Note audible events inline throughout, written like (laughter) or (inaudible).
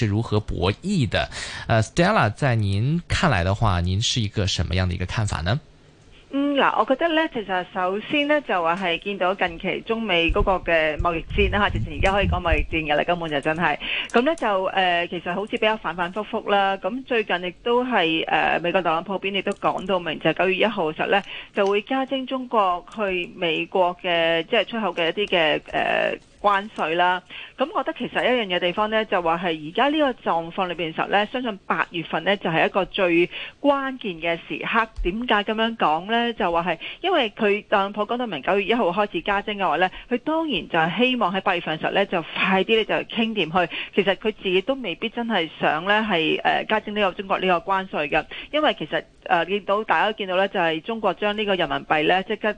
是如何博弈的？呃、uh，Stella，在您看來的話，您是一個什麼樣的一個看法呢？嗯，嗱，我覺得咧，其實首先呢，就話係見到近期中美嗰個嘅貿易戰啦，吓，直情而家可以講貿易戰嘅啦，根本就真係。咁呢就誒、呃，其實好似比較反反复复啦。咁最近亦都係誒，美國特朗普邊亦都講到明，就係九月一號實呢，就會加徵中國去美國嘅即係出口嘅一啲嘅誒。呃關稅啦，咁我覺得其實一樣嘅地方呢，就話係而家呢個狀況裏面時候呢，相信八月份呢，就係、是、一個最關鍵嘅時刻。點解咁樣講呢？就話係因為佢特朗普講到明九月一號開始加徵嘅話呢，佢當然就係希望喺八月份時候呢，就快啲呢，就傾掂佢。其實佢自己都未必真係想呢，係誒加徵呢個中國呢個關稅嘅，因為其實見到、呃、大家都見到呢，就係、是、中國將呢個人民幣呢，即刻誒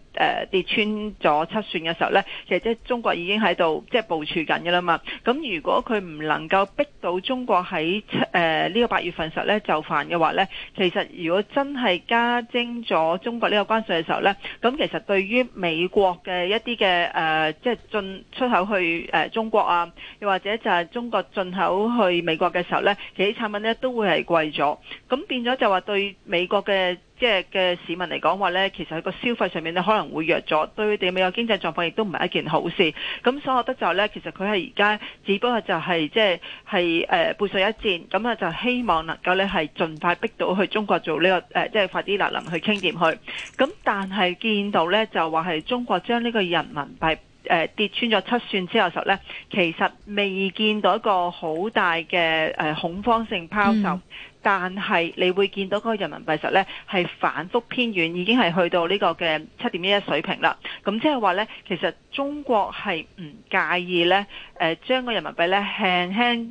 跌穿咗七算嘅時候呢，其實即係中國已經喺度。即係部署緊噶啦嘛，咁如果佢唔能夠逼到中國喺七誒呢個八月份的時候咧就犯嘅話咧，其實如果真係加徵咗中國呢個關稅嘅時候咧，咁其實對於美國嘅一啲嘅誒即係進出口去誒、呃、中國啊，又或者就係中國進口去美國嘅時候咧，其啲產品咧都會係貴咗，咁變咗就話對美國嘅。即係嘅市民嚟講話呢，其實喺個消費上面咧可能會弱咗，對佢哋美國經濟狀況亦都唔係一件好事。咁所以我覺得就呢，其實佢係而家，只不過就係即係係誒背水一戰。咁啊，就希望能夠呢係盡快逼到去中國做呢、這個誒，即、呃、係、就是、快啲嗱臨去傾掂佢。咁但係見到呢，就話係中國將呢個人民幣誒、呃、跌穿咗七算之後時候呢，其實未見到一個好大嘅誒恐慌性拋售。嗯。但係，你會見到個人民幣實呢係反覆偏軟，已經係去到呢個嘅七點一一水平啦。咁即係話呢，其實中國係唔介意呢，呃、將、個人民幣呢輕輕，輕輕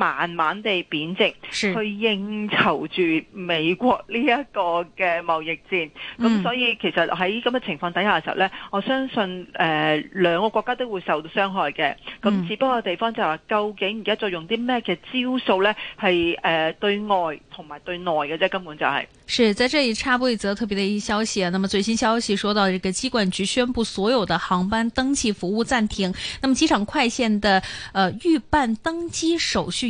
慢慢地貶值去應酬住美國呢一個嘅貿易戰。咁、嗯、所以其實喺咁嘅情況底下嘅時候咧，我相信誒、呃、兩個國家都會受到傷害嘅。咁只不過地方就係、是、話，究竟而家再用啲咩嘅招數咧，係誒、呃、對外同埋對內嘅啫，根本就係、是。是在這裏插播一則特別的一消息啊！那麼最新消息，說到這個機管局宣布所有的航班登機服務暫停，那麼機場快線的呃預辦登機手續。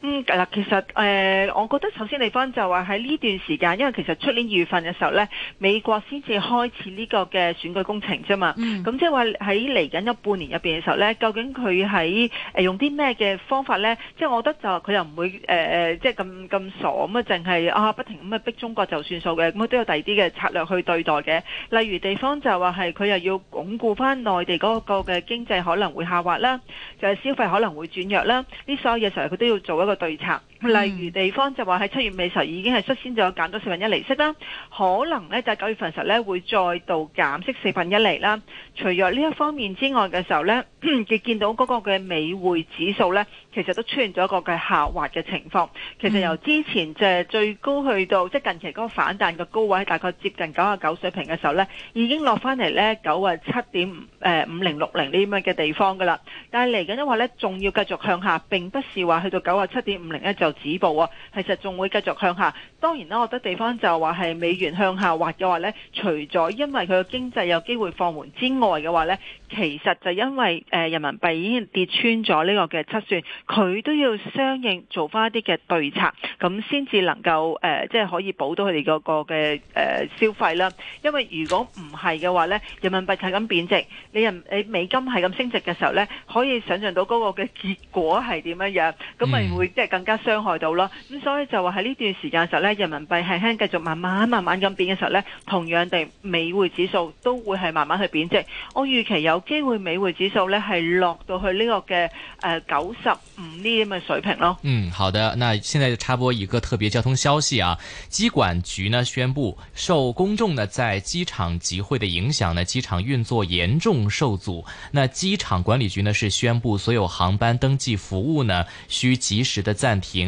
嗯，嗱，其實誒、呃，我覺得首先地方就話喺呢段時間，因為其實出年二月份嘅時候咧，美國先至開始呢個嘅選舉工程啫嘛。咁即係話喺嚟緊嘅半年入邊嘅時候咧，究竟佢喺誒用啲咩嘅方法咧？即、就、係、是、我覺得就佢又唔會誒誒，即係咁咁傻咁啊，淨係啊不停咁啊逼中國就算數嘅。咁、嗯、我都有第二啲嘅策略去對待嘅。例如地方就話係佢又要鞏固翻內地嗰個嘅經濟可能會下滑啦，就係、是、消費可能會轉弱啦。呢所有嘢時候佢都要做一。這個對策。例如地方就話喺七月尾時已經係率先就有減咗四分一厘息啦，可能呢，就喺九月份時呢會再度減息四分一厘啦。除咗呢一方面之外嘅時候呢，亦見到嗰個嘅美匯指數呢，其實都出現咗一個嘅下滑嘅情況。其實由之前就係最高去到即係、就是、近期嗰個反彈嘅高位，大概接近九啊九水平嘅時候呢，已經落翻嚟，呢九啊七點誒五零六零呢咁嘅地方噶啦。但係嚟緊嘅話呢，仲要繼續向下，並不是話去到九啊七點五零呢就。止步啊！其實仲會繼續向下。當然啦，我覺得地方就話係美元向下滑嘅話呢，除咗因為佢嘅經濟有機會放緩之外嘅話呢，其實就因為誒人民幣已經跌穿咗呢個嘅測算，佢都要相應做翻一啲嘅對策，咁先至能夠誒即係可以補到佢哋嗰個嘅誒消費啦。因為如果唔係嘅話呢，人民幣係咁貶值，你人你美金係咁升值嘅時候呢，可以想象到嗰個嘅結果係點樣樣，咁咪會即係更加傷。傷害到啦，咁所以就話喺呢段時間嘅時候咧，人民幣係輕繼續慢慢慢慢咁變嘅時候咧，同樣地，美匯指數都會係慢慢去貶值。我預期有機會美匯指數咧係落到去呢個嘅誒九十五呢啲咁嘅水平咯。嗯，好的，那現在就插播一個特別交通消息啊，機管局呢宣布，受公眾呢在機場集會的影響呢，機場運作嚴重受阻，那機場管理局呢是宣布所有航班登記服務呢需及時的暫停。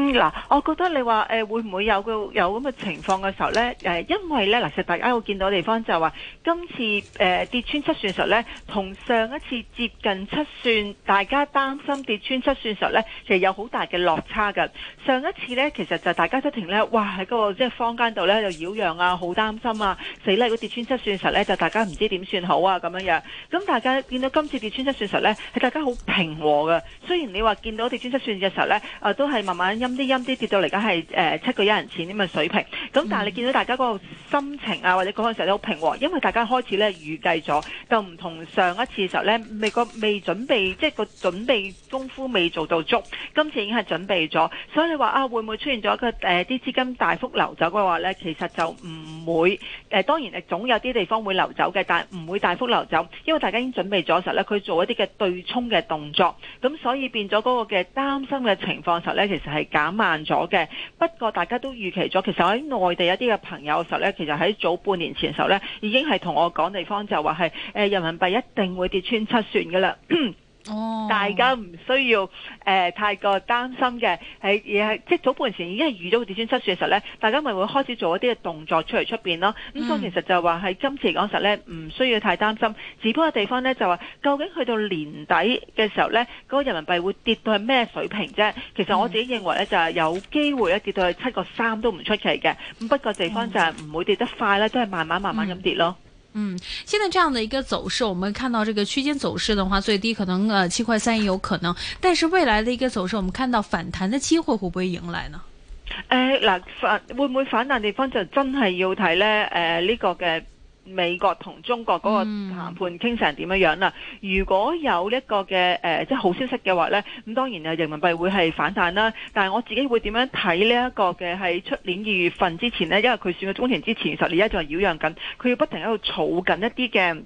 嗯嗱，我覺得你話會唔會有個有咁嘅情況嘅時候呢？因為呢，嗱，其實大家會見到地方就話，今次、呃、跌穿七算時呢，同上一次接近七算，大家擔心跌穿七算時呢，其實有好大嘅落差㗎。上一次呢，其實就大家即停呢，哇，喺個即係坊間度呢，又擾攘啊，好擔心啊，死啦！如果跌穿七算時呢，就大家唔知點算好啊咁樣樣。咁大家見到今次跌穿七算時呢，係大家好平和㗎。雖然你話見到跌穿七算嘅時候呢、啊、都係慢慢啲陰啲跌到嚟，而家係七個一人錢咁嘅水平。咁但係你見到大家個心情啊，或者嗰個時候都好平和，因為大家開始咧預計咗，就唔同上一次時候咧，美國未準備，即係個準備功夫未做到足。今次已經係準備咗，所以你話啊，會唔會出現咗一個啲、呃、資金大幅流走嘅話咧？其實就唔會、呃、當然係總有啲地方會流走嘅，但唔會大幅流走，因為大家已經準備咗時候咧，佢做一啲嘅對沖嘅動作，咁所以變咗嗰個嘅擔心嘅情況時候咧，其實係減慢咗嘅，不過大家都預期咗，其實我喺內地一啲嘅朋友時候咧，其實喺早半年前時候咧，已經係同我講地方就話係，人民幣一定會跌穿七算㗎啦。 (coughs) Oh. 大家唔需要誒、呃、太過擔心嘅，係而係即係早半年前已經係預咗個跌穿七算嘅時候呢，大家咪會開始做一啲嘅動作出嚟出邊咯。咁所以其實就話係今次嚟講實呢，唔需要太擔心。只不過地方呢，就話，究竟去到年底嘅時候呢，嗰個人民幣會跌到係咩水平啫？其實我自己認為呢，mm. 就係有機會咧跌到去七個三都唔出奇嘅。咁不過地方就係唔會跌得快啦，都係慢慢慢慢咁跌咯。嗯，現在這樣的一個走勢，我們看到這個區間走勢的話，最低可能呃七塊三也有可能。但是未來的一個走勢，我們看到反彈的機會會不會迎來呢？誒、呃，嗱反會唔會反彈？地方就真係要睇呢，誒、呃，呢、這個嘅。美國同中國嗰個談判傾成點樣樣啦？Mm. 如果有一個嘅誒，即係好消息嘅話呢，咁當然啊，人民幣會係反彈啦。但係我自己會點樣睇呢一個嘅，喺出年二月份之前呢，因為佢算個中程之前，十年一仲係擾攘緊，佢要不停喺度儲緊一啲嘅。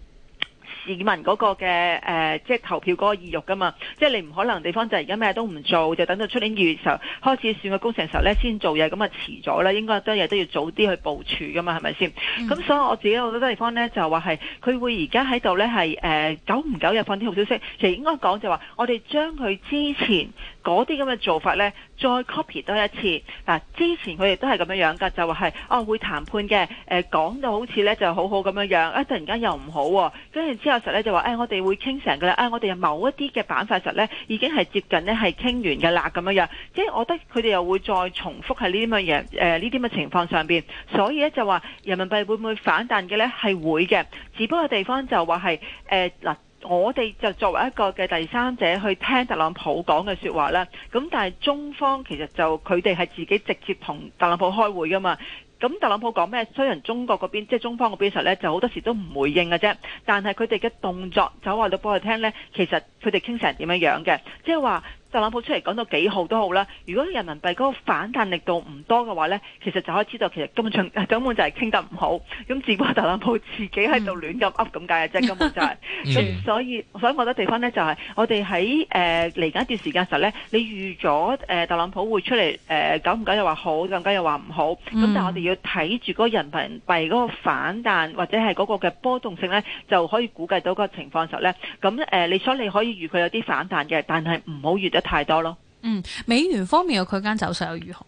市民嗰個嘅誒、呃，即係投票嗰個意欲㗎嘛，即係你唔可能地方就而家咩都唔做，就等到出年二月時候開始選個工程時候咧先做嘢。咁啊遲咗啦，應該多嘢都要早啲去部署㗎嘛，係咪先？咁、嗯、所以我自己好多地方咧就話係佢會而家喺度咧係誒久唔久就放啲好消息，其實應該講就話我哋將佢之前嗰啲咁嘅做法咧再 copy 多一次嗱、啊，之前佢哋都係咁樣樣㗎，就話係哦會談判嘅誒、呃、講到好似咧就好好咁樣樣，一、啊、突然間又唔好喎、啊，跟住之後。實咧就話誒、哎，我哋會傾成、哎、啦，誒，我哋某一啲嘅板塊實咧已經係接近咧係傾完嘅啦，咁樣樣，即係我覺得佢哋又會再重複喺呢啲咁嘅嘢，誒呢啲咁嘅情況上邊，所以咧就話人民幣會唔會反彈嘅咧係會嘅，只不過的地方就話係誒嗱，我哋就作為一個嘅第三者去聽特朗普講嘅說的話啦，咁但係中方其實就佢哋係自己直接同特朗普開會噶嘛。咁特朗普講咩？雖然中國嗰邊即係中方嗰邊實呢，就好多時都唔回應嘅啫。但係佢哋嘅動作就話到俾我聽呢，其實佢哋傾成點樣樣嘅，即係話。特朗普出嚟講到幾好都好啦，如果人民幣嗰個反彈力度唔多嘅話咧，其實就可以知道其實根本根本就係傾得唔好，咁只不過特朗普自己喺度亂咁噏咁解嘅啫，根本就係、是、 (laughs) 所以所以我覺得地方咧就係、是、我哋喺誒嚟緊一段時間時候咧，你預咗特朗普會出嚟誒，久唔久又話好，咁久又話唔好，咁、嗯、但係我哋要睇住嗰個人民幣嗰個反彈或者係嗰個嘅波動性咧，就可以估計到個情況時候咧，咁你想你可以預佢有啲反彈嘅，但係唔好預太多咯，嗯，美元方面嘅區間走勢又如何？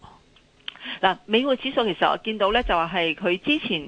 嗱、嗯，美匯指數其實我見到咧就係佢之前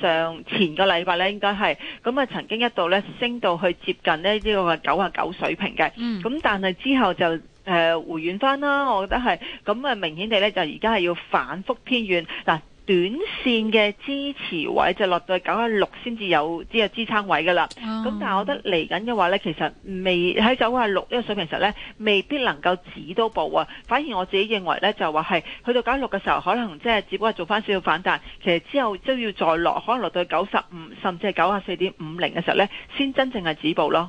誒上、呃、前個禮拜咧應該係咁啊，曾經一度咧升到去接近呢個九啊九水平嘅，咁、嗯、但係之後就誒、呃、回軟翻啦，我覺得係咁啊，明顯地咧就而家係要反覆偏軟嗱。嗯短線嘅支持位就落到九啊六先至有支撐位噶啦，咁、oh. 但係我覺得嚟緊嘅話呢，其實未喺九啊六呢個水平時候呢，未必能夠止到步啊。反而我自己認為呢，就話係去到九十六嘅時候，可能即係只不過做翻少少反彈，其實之後都要再落，可能落到九十五甚至係九啊四點五零嘅時候呢，先真正係止步咯。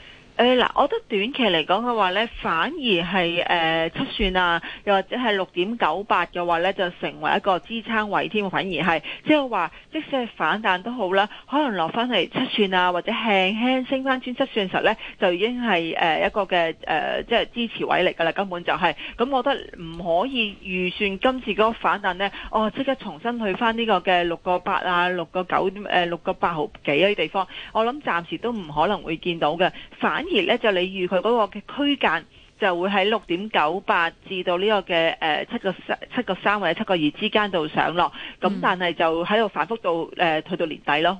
誒、哎、嗱，我覺得短期嚟講嘅話咧，反而係誒、呃、七算啊，又或者係六點九八嘅話咧，就成為一個支撐位添。反而係即係話，就是、即使係反彈都好啦，可能落翻嚟七算啊，或者輕輕升翻轉七算嘅時候咧，就已經係誒一個嘅誒即係支持位嚟㗎啦。根本就係、是、咁，我覺得唔可以預算今次嗰個反彈咧，哦即刻重新去翻呢個嘅六個八啊，六個九點誒六個八毫幾嗰啲地方，我諗暫時都唔可能會見到嘅，反而咧，就你預佢嗰個嘅區間就會喺六點九八至到呢個嘅誒七個七個三或者七個二之間度上落，咁、嗯、但係就喺度反覆到誒去到年底咯。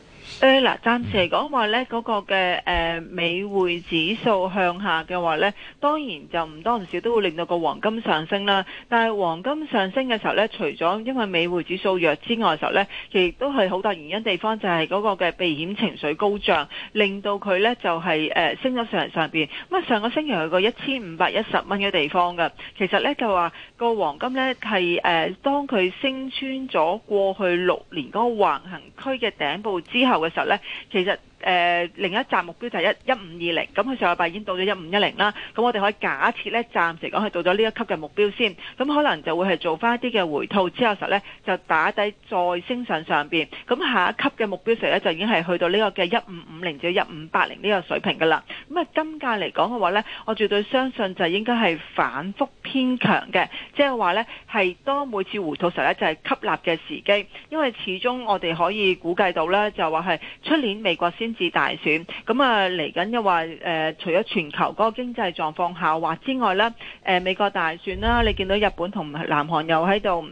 誒、呃、嗱，暫時嚟講話咧，嗰、那個嘅誒、呃、美匯指數向下嘅話咧，當然就唔多唔少都會令到個黃金上升啦。但係黃金上升嘅時候咧，除咗因為美匯指數弱之外時候咧，其實亦都係好大原因地方就係嗰個嘅避險情緒高漲，令到佢咧就係、是、誒、呃、升咗上升上面咁啊，上個星期去過一千五百一十蚊嘅地方㗎。其實咧就話個黃金咧係誒當佢升穿咗過去六年嗰個橫行區嘅頂部之後嘅時候咧，其實誒，另一站目標就係一一五二零，咁佢上個拜已經到咗一五一零啦，咁我哋可以假設咧，暫時講係到咗呢一級嘅目標先，咁可能就會係做翻一啲嘅回吐之後，實咧就打底再升上上邊，咁下一級嘅目標時咧，就已經係去到呢個嘅一五五零至一五八零呢個水平噶啦，咁啊，今屆嚟講嘅話咧，我絕對相信就應該係反覆偏強嘅，即係話呢，係當每次回吐時候呢，就係、係、吸納嘅時機，因為始終我哋可以估計到呢，就話係出年美國先至大選，咁啊嚟緊又話誒、呃，除咗全球嗰個經濟狀況下滑之外呢，誒、呃、美國大選啦、啊，你見到日本同南韓又喺度。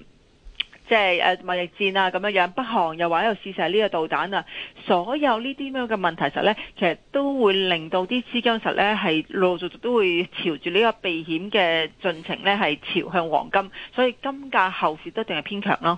即係誒，貿易戰啊，咁樣樣，北韓又話喺度試射呢個導彈啊，所有呢啲咁樣嘅問題，實呢，其實都會令到啲資金實呢係陸陸續續都會朝住呢個避險嘅進程呢係朝向黃金，所以金價後市都一定係偏強囉。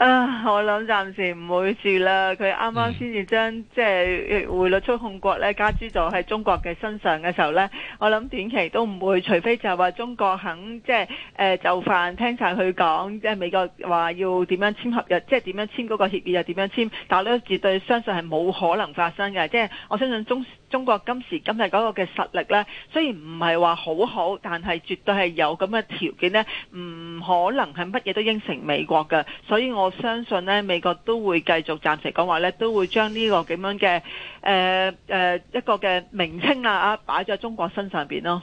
啊！我諗暫時唔會住啦。佢啱啱先至將即係匯率操控國咧，加諸咗喺中國嘅身上嘅時候咧，我諗短期都唔會，除非就話中國肯即係、呃、就範聽晒佢講，即係美國話要點樣簽合約，即係點樣簽嗰個協議又點樣簽，但係我都絕對相信係冇可能發生嘅。即係我相信中。中國今時今日嗰個嘅實力呢，雖然唔係話好好，但係絕對係有咁嘅條件呢，唔可能係乜嘢都應承美國嘅，所以我相信呢，美國都會繼續暫時講話呢，都會將呢個咁樣嘅誒誒一個嘅名稱啊，擺在中國身上邊咯。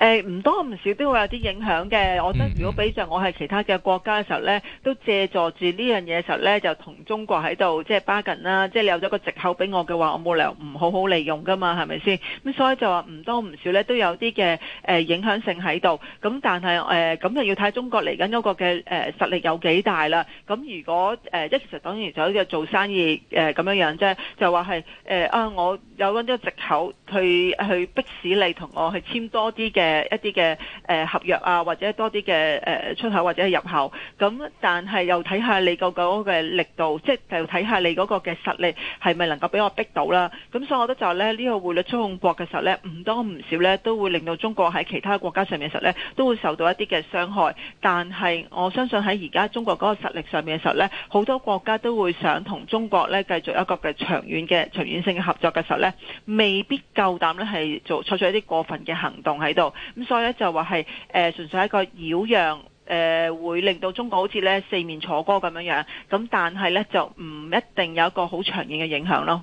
誒、欸、唔多唔少都會有啲影響嘅，我覺得如果俾著我係其他嘅國家嘅時候咧，都借助住呢樣嘢嘅時候咧，就同中國喺度即係 bargain 啦，即係你有咗個藉口俾我嘅話，我冇理由唔好好利用噶嘛，係咪先？咁所以就話唔多唔少咧，都有啲嘅、呃、影響性喺度。咁但係誒咁就要睇中國嚟緊嗰個嘅實力有幾大啦。咁如果誒即、呃、其實當然就係做生意誒咁、呃、樣樣啫，就話係誒啊，我有咗個藉口去去逼使你同我去簽多啲嘅。誒，一啲嘅誒合約啊，或者多啲嘅誒出口或者係入口，咁但係又睇下你個嗰嘅力度，即係又睇下你嗰個嘅實力係咪能夠俾我逼到啦？咁所以我覺得就係呢個匯率操控國嘅時候呢，唔多唔少呢，都會令到中國喺其他國家上面嘅時候呢，都會受到一啲嘅傷害。但係我相信喺而家中國嗰個實力上面嘅時候呢，好多國家都會想同中國呢，繼續一個嘅長遠嘅長遠性嘅合作嘅時候呢，未必夠膽呢，係做採取一啲過分嘅行動喺度。咁所以咧就話係誒，純粹係一個擾攘，誒、呃、會令到中國好似咧四面楚歌咁樣樣，咁但係咧就唔一定有一個好長遠嘅影響咯。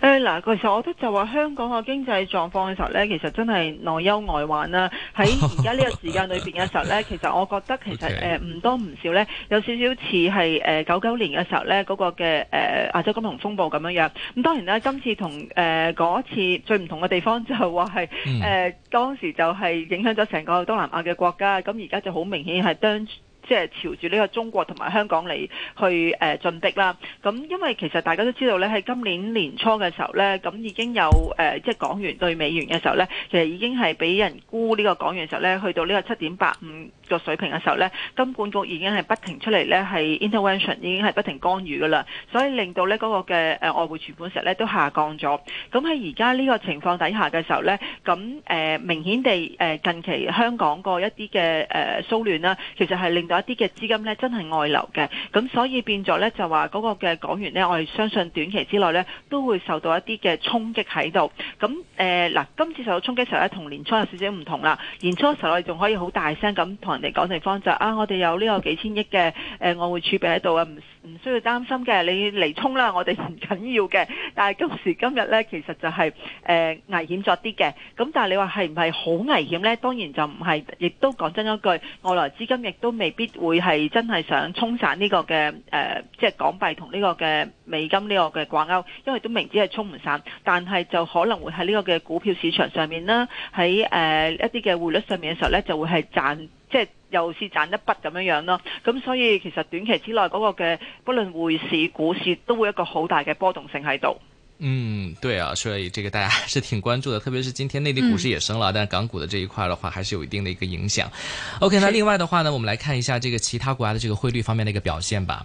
誒，嗱，其實我覺得就話香港嘅經濟狀況嘅時候咧，其實真係內憂外患啦、啊。喺而家呢個時間裏邊嘅時候咧， (laughs) 其實我覺得其實誒唔、okay。呃、多唔少咧，有少少似係誒九九年嘅時候咧嗰、嗰個嘅誒亞洲金融風暴咁樣樣。咁、嗯、當然咧，今次同誒嗰次最唔同嘅地方就話係誒當時就係影響咗成個東南亞嘅國家。咁而家就好明顯係當。即、就、係、是、朝住呢個中國同埋香港嚟去，呃、進逼啦，咁因為其實大家都知道咧，喺今年年初嘅時候咧，咁已經有即係、呃就是，港元對美元嘅時候咧，其實已經係俾人沽呢個港元嘅時候咧，去到呢個七點八五。個水平嘅時候呢，金管局已經係不停出嚟呢係 intervention 已經係不停干預㗎啦，所以令到呢嗰、那個嘅誒外匯存款成咧都下降咗。咁喺而家呢個情況底下嘅時候呢，咁誒、呃、明顯地誒、呃、近期香港個一啲嘅誒騷亂啦、啊，其實係令到一啲嘅資金呢真係外流嘅，咁所以變咗呢，就話嗰個嘅港元呢，我係相信短期之內呢都會受到一啲嘅衝擊喺度。咁誒嗱，今次受到衝擊的時候呢，同年初有少少唔同啦。年初時候我哋仲可以好大聲咁同，嚟講，地方就啊，我哋有呢個幾千億嘅，誒、呃，外匯儲備喺度啊，唔唔需要擔心嘅，你嚟沖啦，我哋唔緊要嘅。但係今時今日咧，其實就係、是、誒、呃、危險咗啲嘅。咁但係你話係唔係好危險咧？當然就唔係，亦都講真一句，外來資金亦都未必會係真係想沖散呢個嘅誒，即、呃、係、就是、港幣同呢個嘅美金呢個嘅掛鈎，因為都明知係沖唔散，但係就可能會喺呢個嘅股票市場上面啦，喺誒、呃、一啲嘅匯率上面嘅時候咧，就會係賺。即係又是賺一筆咁樣樣咯，咁所以其實短期之內嗰個嘅，不論匯市、股市都會一個好大嘅波動性喺度。嗯，對啊，所以這個大家還是挺關注的，特別是今天內地股市也升啦，嗯，但港股的這一塊的話，還是有一定的一個影響。OK，那另外的話呢，我們來看一下這個其他國家的這個匯率方面的一個表現吧。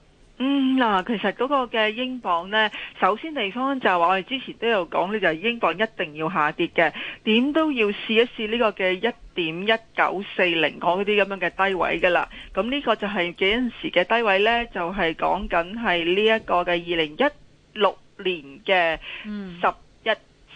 嗯嗱，其實嗰個嘅英鎊呢，首先地方就係話我哋之前都有講呢，就係英鎊一定要下跌嘅，點都要試一試呢個嘅一點一九四零嗰啲咁樣嘅低位噶啦。咁呢個就係幾陣時嘅低位呢？就係講緊係呢一個嘅二零一六年嘅十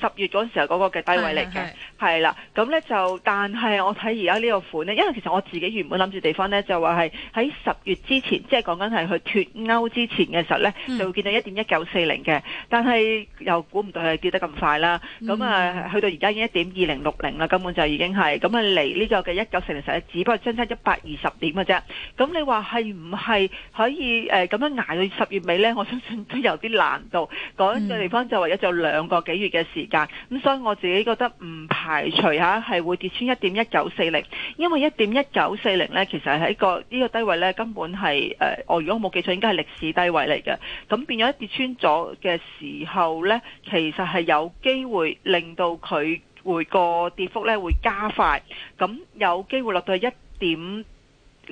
十月嗰時候嗰個嘅低位嚟嘅，係啦，咁呢就，但係我睇而家呢個款呢，因為其實我自己原本諗住地方呢，就話係喺十月之前，即係講緊係佢脫歐之前嘅時候呢，嗯、就會見到一點一九四零嘅，但係又估唔到佢係跌得咁快啦，咁、嗯、啊，去到而家已經一點二零六零啦，根本就已經係，咁啊嚟呢個嘅一九四零十一，只不過相差一百二十點嘅啫，咁你話係唔係可以誒咁、呃、樣挨到十月尾呢？我相信都有啲難度。講一個地方就為咗做兩個幾月嘅時間。咁所以我自己覺得唔排除吓係會跌穿一點一九四零，因為一點一九四零咧，其實係一個呢個低位咧，根本係誒，我如果冇記錯，應該係歷史低位嚟嘅。咁變咗一跌穿咗嘅時候咧，其實係有機會令到佢會個跌幅咧會加快，咁有機會落到去一點。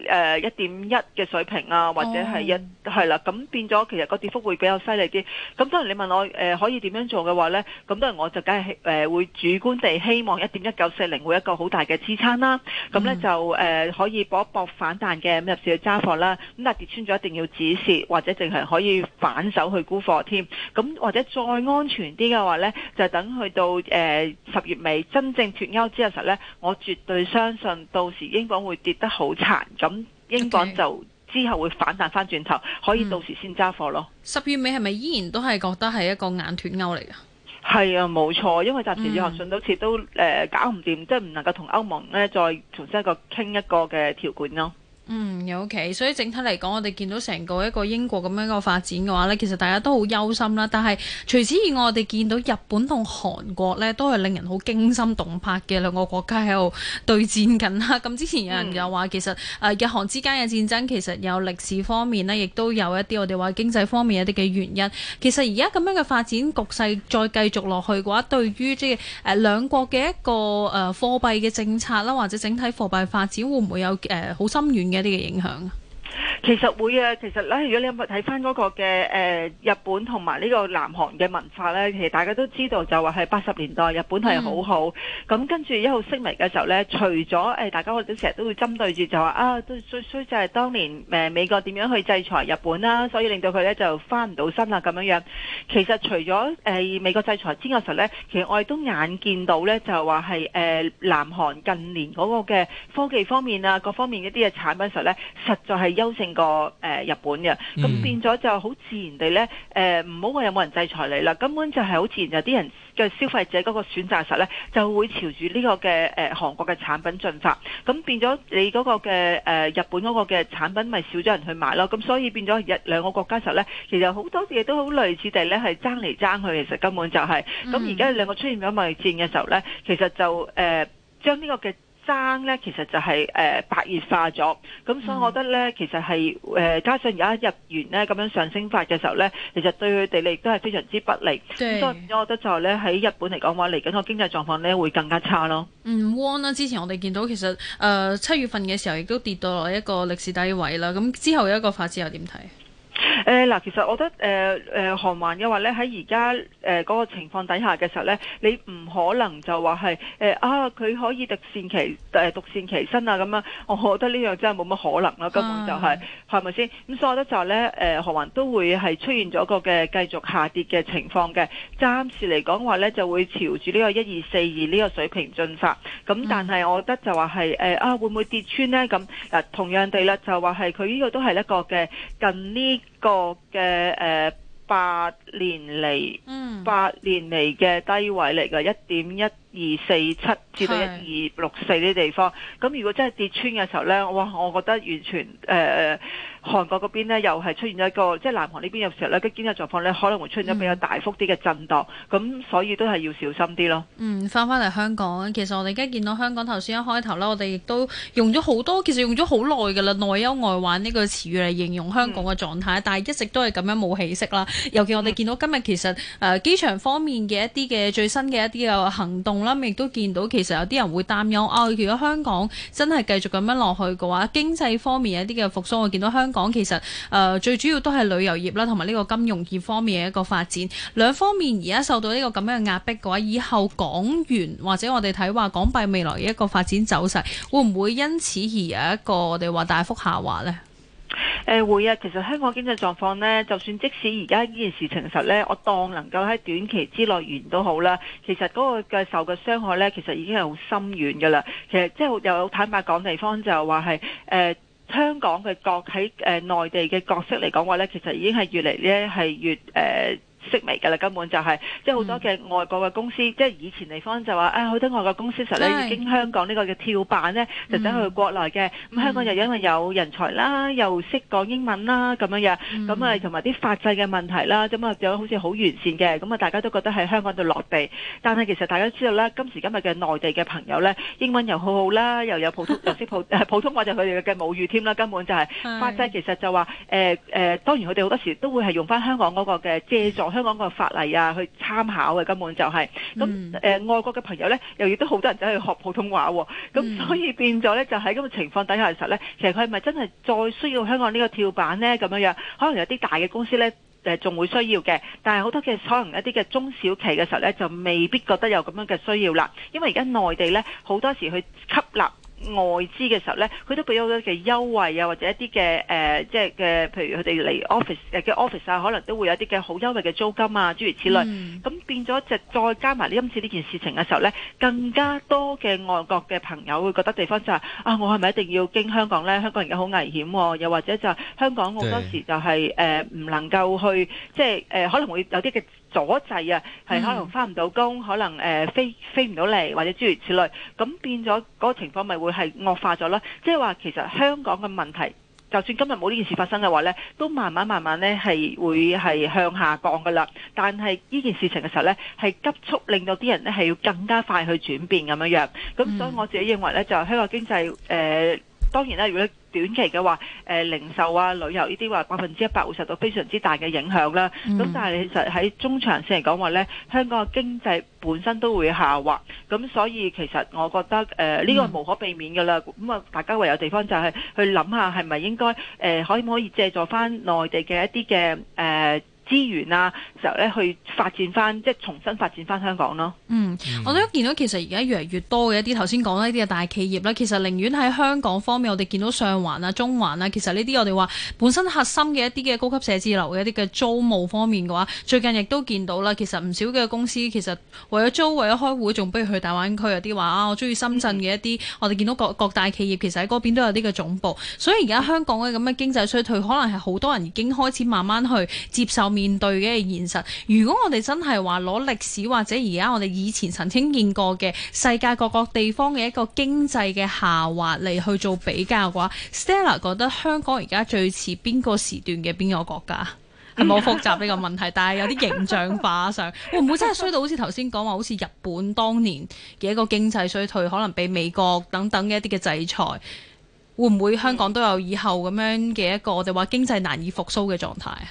誒一點一嘅水平啊，或者係一係啦，咁、嗯、變咗其實個跌幅會比較犀利啲。咁當然你問我誒、呃、可以點樣做嘅話呢？咁當，當然我就梗係誒會主觀地希望一點一九四零會一個好大嘅支撐啦。咁、嗯、呢就誒、呃、可以搏一搏反彈嘅咁入市去揸貨啦。咁但係跌穿咗一定要止蝕，或者淨係可以反手去沽貨添。咁或者再安全啲嘅話呢，就等去到誒十、呃、月尾真正脫歐之後實呢，我絕對相信到時英鎊會跌得好殘。咁英鎊就之後會反彈翻轉頭，okay. 可以到時先揸貨咯。嗯、十月尾係咪依然都係覺得係一個硬脫歐嚟噶？係啊，冇錯，因為暫時約翰遜都好似都、呃、搞唔掂、嗯，即係唔能夠同歐盟咧再重新一個傾一個嘅條款咯。嗯，OK，所以整體嚟講，我哋見到成個一個英國咁樣一個發展嘅話咧，其實大家都好憂心啦。但係除此以外，我哋見到日本同韓國咧都係令人好驚心動魄嘅兩個國家喺度對戰緊啦。咁之前有人又話、嗯，其實誒日韓之間嘅戰爭其實有歷史方面咧，亦都有一啲我哋話經濟方面一啲嘅原因。其實而家咁樣嘅發展局勢再繼續落去嘅話，對於即係誒兩國嘅一個誒貨幣嘅政策啦，或者整體貨幣發展會唔會有誒好、呃、深遠？一啲嘅影響。其實會啊，其實嗱，如果你有冇睇翻嗰個嘅誒日本同埋呢個南韓嘅文化呢？其實大家都知道就話係八十年代日本係好好，咁跟住一號升嚟嘅時候呢，除咗誒大家我哋都成日都會針對住就話啊，衰衰就係當年誒美國點樣去制裁日本啦、啊，所以令到佢呢就翻唔到身啦咁樣樣。其實除咗誒、啊、美國制裁之外，時其實我哋都眼見到呢，就話係誒南韓近年嗰個嘅科技方面啊，各方面一啲嘅產品時候呢，實在係優勝。個誒日本嘅，咁、嗯、變咗就好自然地呢，誒唔好話有冇人制裁你啦，根本就係好自然，有啲人嘅消費者嗰個選擇實呢，就會朝住呢個嘅誒韓國嘅產品進發，咁變咗你嗰個嘅誒、呃、日本嗰個嘅產品咪少咗人去買咯，咁所以變咗日兩個國家實呢，其實好多嘢都好類似，地呢係係爭嚟爭去，其實根本就係、是，咁而家兩個出現咗貿易戰嘅時候呢，其實就誒將呢個嘅。爭咧，其實就係、是、誒、呃、白熱化咗，咁所以我覺得咧，其實係誒、呃、加上而家日元咧咁樣上升法嘅時候咧，其實對佢哋亦都係非常之不利。所以我覺得就係咧喺日本嚟講話，嚟緊個經濟狀況咧會更加差咯。嗯 o 啦，之前我哋見到其實誒七、呃、月份嘅時候亦都跌到落一個歷史低位啦。咁之後有一個發展又點睇？誒、呃、嗱，其實我覺得誒誒航運嘅話咧，喺而家誒嗰個情況底下嘅時候咧，你唔可能就話係誒啊佢可以獨善其誒獨、呃、善其身啊咁樣，我覺得呢樣真係冇乜可能啦、啊，根本就係係咪先？咁、嗯嗯、所以我覺得就係咧誒航運都會係出現咗一個嘅繼續下跌嘅情況嘅，暫時嚟講話咧就會朝住呢個一二四二呢個水平進發，咁、嗯嗯、但係我覺得就話係誒啊會唔會跌穿咧？咁啊、呃、同樣地啦，就話係佢呢個都係一個嘅近呢。個嘅誒，八年嚟，嗯，八年嚟嘅低位嚟嘅一點一。二四七至到一二六四呢啲地方，咁如果真係跌穿嘅時候咧，哇！我覺得完全誒韓國嗰邊咧又係出現咗一個即係南韓呢邊，有時候咧嘅經濟嘅狀況咧可能會出現咗比較大幅啲嘅震盪，咁、嗯、所以都係要小心啲咯。嗯，翻返嚟香港，其實我哋而家見到香港頭先一開頭啦，我哋亦都用咗好多，其實用咗好耐㗎啦，內憂外患呢個詞語嚟形容香港嘅狀態，但係一直都係咁樣冇起色啦。尤其我哋見到今日其實誒機場方面嘅一啲嘅最新嘅一啲嘅行動。啦，亦都見到其實有啲人會擔憂啊。如果香港真係繼續咁樣落去嘅話，經濟方面有一啲嘅復甦，我見到香港其實誒、呃、最主要都係旅遊業啦，同埋呢個金融業方面嘅一個發展。兩方面而家受到呢個咁樣嘅壓迫嘅話，以後港元或者我哋睇話港幣未來嘅一個發展走勢，會唔會因此而有一個我哋話大幅下滑呢？誒會啊！其實香港經濟狀況呢，就算即使而家呢件事情實呢，我當能夠喺短期之內完都好啦。其實嗰個嘅受嘅傷害呢，其實已經係好深遠㗎喇。其實即係又有坦白講地方就係話係香港嘅角喺誒內地嘅角色嚟講話呢，其實已經係越嚟呢係越誒。呃式微㗎啦，根本就係、是、即係好多嘅外國嘅公司，嗯、即係以前地方就話啊，好、哎、多外國公司實咧已經香港呢個嘅跳板咧，就、嗯、走去國內嘅。咁、嗯嗯、香港又因為有人才啦，又識講英文啦，咁樣樣，咁啊同埋啲法制嘅問題啦，咁啊就好似好完善嘅，咁啊大家都覺得喺香港度落地。但係其實大家都知道啦，今時今日嘅內地嘅朋友咧，英文又好好啦，又有普通就識 (laughs) 普通話就佢哋嘅母語添啦，根本就係、是、法制其實就話誒誒，當然佢哋好多時都會係用返香港嗰個嘅遮障。香港個法例啊，去參考嘅、啊、根本就係、是、咁、mm -hmm. 呃、外國嘅朋友呢，又亦都好多人走去學普通話喎、啊，咁、mm -hmm. 所以變咗呢，就喺咁嘅情況底下嘅時候呢，其實佢係咪真係再需要香港呢個跳板呢？咁樣樣，可能有啲大嘅公司呢，誒、呃，仲會需要嘅，但係好多嘅可能一啲嘅中小企嘅時候呢，就未必覺得有咁樣嘅需要啦，因為而家內地呢，好多時去吸納。外資嘅時候呢，佢都俾到好多嘅優惠啊，或者一啲嘅誒，即係嘅，譬如佢哋嚟 office 嘅 office 啊，可能都會有啲嘅好優惠嘅租金啊，諸如此類。咁、嗯、變咗就再加埋呢一次呢件事情嘅時候呢，更加多嘅外國嘅朋友會覺得地方就係、是、啊，我係咪一定要經香港呢？香港而家好危險、啊，又或者就香港好多時就係誒唔能夠去，即係誒可能會有啲嘅，阻滯啊，係可能返唔到工、嗯，可能誒、呃、飛飛唔到嚟，或者諸如此類，咁變咗嗰個情況咪會係惡化咗咯。即係話其實香港嘅問題，就算今日冇呢件事發生嘅話呢都慢慢慢慢咧係會係向下降㗎喇。但係呢件事情嘅時候呢，係急速令到啲人呢係要更加快去轉變咁樣樣。咁所以我自己認為呢，就係、香港經濟誒、呃，當然呢，如果。短期嘅話，誒、呃、零售啊、旅遊呢啲話百分之一百會受到非常之大嘅影響啦。咁、嗯、但係其實喺中長線嚟講話呢，香港嘅經濟本身都會下滑。咁所以其實我覺得誒呢、呃這個無可避免㗎啦。咁、嗯、啊，大家唯有地方就係去諗下係咪應該誒、呃、可以唔可以借助翻內地嘅一啲嘅誒。呃資源啊，時候咧去發展翻，即係重新發展翻香港咯。嗯，我都見到其實而家越嚟越多嘅一啲頭先講呢啲嘅大企業啦，其實寧願喺香港方面，我哋見到上環啊、中環啊，其實呢啲我哋話本身核心嘅一啲嘅高級寫字樓嘅一啲嘅租務方面嘅話，最近亦都見到啦，其實唔少嘅公司其實為咗租、為咗開會，仲不如去大灣區有啲話啊，我鍾意深圳嘅一啲，我哋見到各各大企業其實喺嗰邊都有啲嘅總部，所以而家香港嘅咁嘅經濟衰退，可能係好多人已經開始慢慢去接受。面對嘅現實，如果我哋真係話攞歷史或者而家我哋以前曾經見過嘅世界各個地方嘅一個經濟嘅下滑嚟去做比較嘅話，Stella 覺得香港而家最似邊個時段嘅邊個國家？係 (laughs) 咪好複雜呢個問題， (laughs) 但係有啲形象化上會唔會真係衰到好似頭先講話，好似日本當年嘅一個經濟衰退，可能被美國等等嘅一啲嘅制裁，會唔會香港都有以後咁樣嘅一個我哋話經濟難以復甦嘅狀態啊？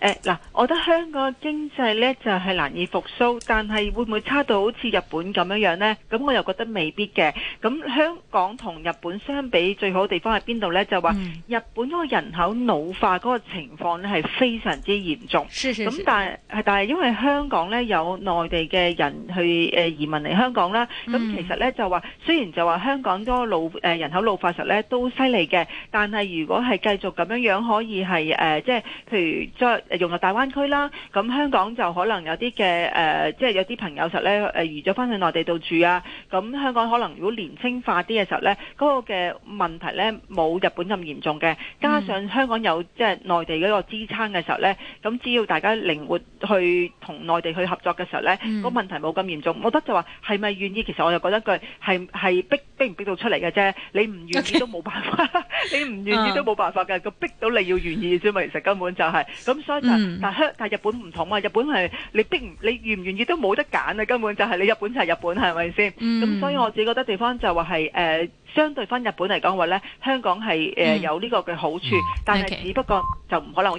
誒、哎，嗱，我覺得香港經濟咧就係、是、難以復甦，但係會唔會差到好似日本咁樣樣呢？咁我又覺得未必嘅。咁香港同日本相比最好地方喺邊度呢？就話日本嗰個人口老化嗰個情況咧係非常之嚴重。是是是。咁但係但係因為香港咧有內地嘅人去誒移民嚟香港啦，咁其實呢就話、嗯、雖然就話香港嗰個老誒人口老化嘅時候咧都犀利嘅，但係如果係繼續咁樣樣可以係誒即係譬如。融入大灣區啦，咁香港就可能有啲嘅誒，即係有啲朋友實咧誒，移咗返去內地度住啊。咁香港可能如果年輕化啲嘅時候咧，嗰、嗰個嘅問題咧冇日本咁嚴重嘅。加上香港有即係內地嗰個支撐嘅時候咧，咁只要大家靈活去同內地去合作嘅時候咧，嗯個問題冇咁嚴重。我覺得就話係咪願意？其實我又覺得佢係係逼逼唔逼到出嚟嘅啫。你唔願意都冇辦法，okay. (laughs) 你唔願意都冇辦法㗎。佢、uh. 逼到你要願意啫嘛。其實根本就係、係咁、嗯、所以但但嚇但日本唔同啊，日本係，你逼你願唔願意都冇得揀啊，根本就係你日本就係日本，係咪先？咁、嗯、所以我自己覺得地方就話係誒相對翻日本嚟講嘅話咧，香港係誒、呃嗯、有呢個嘅好處，嗯 okay. 但係只不過就唔可能我。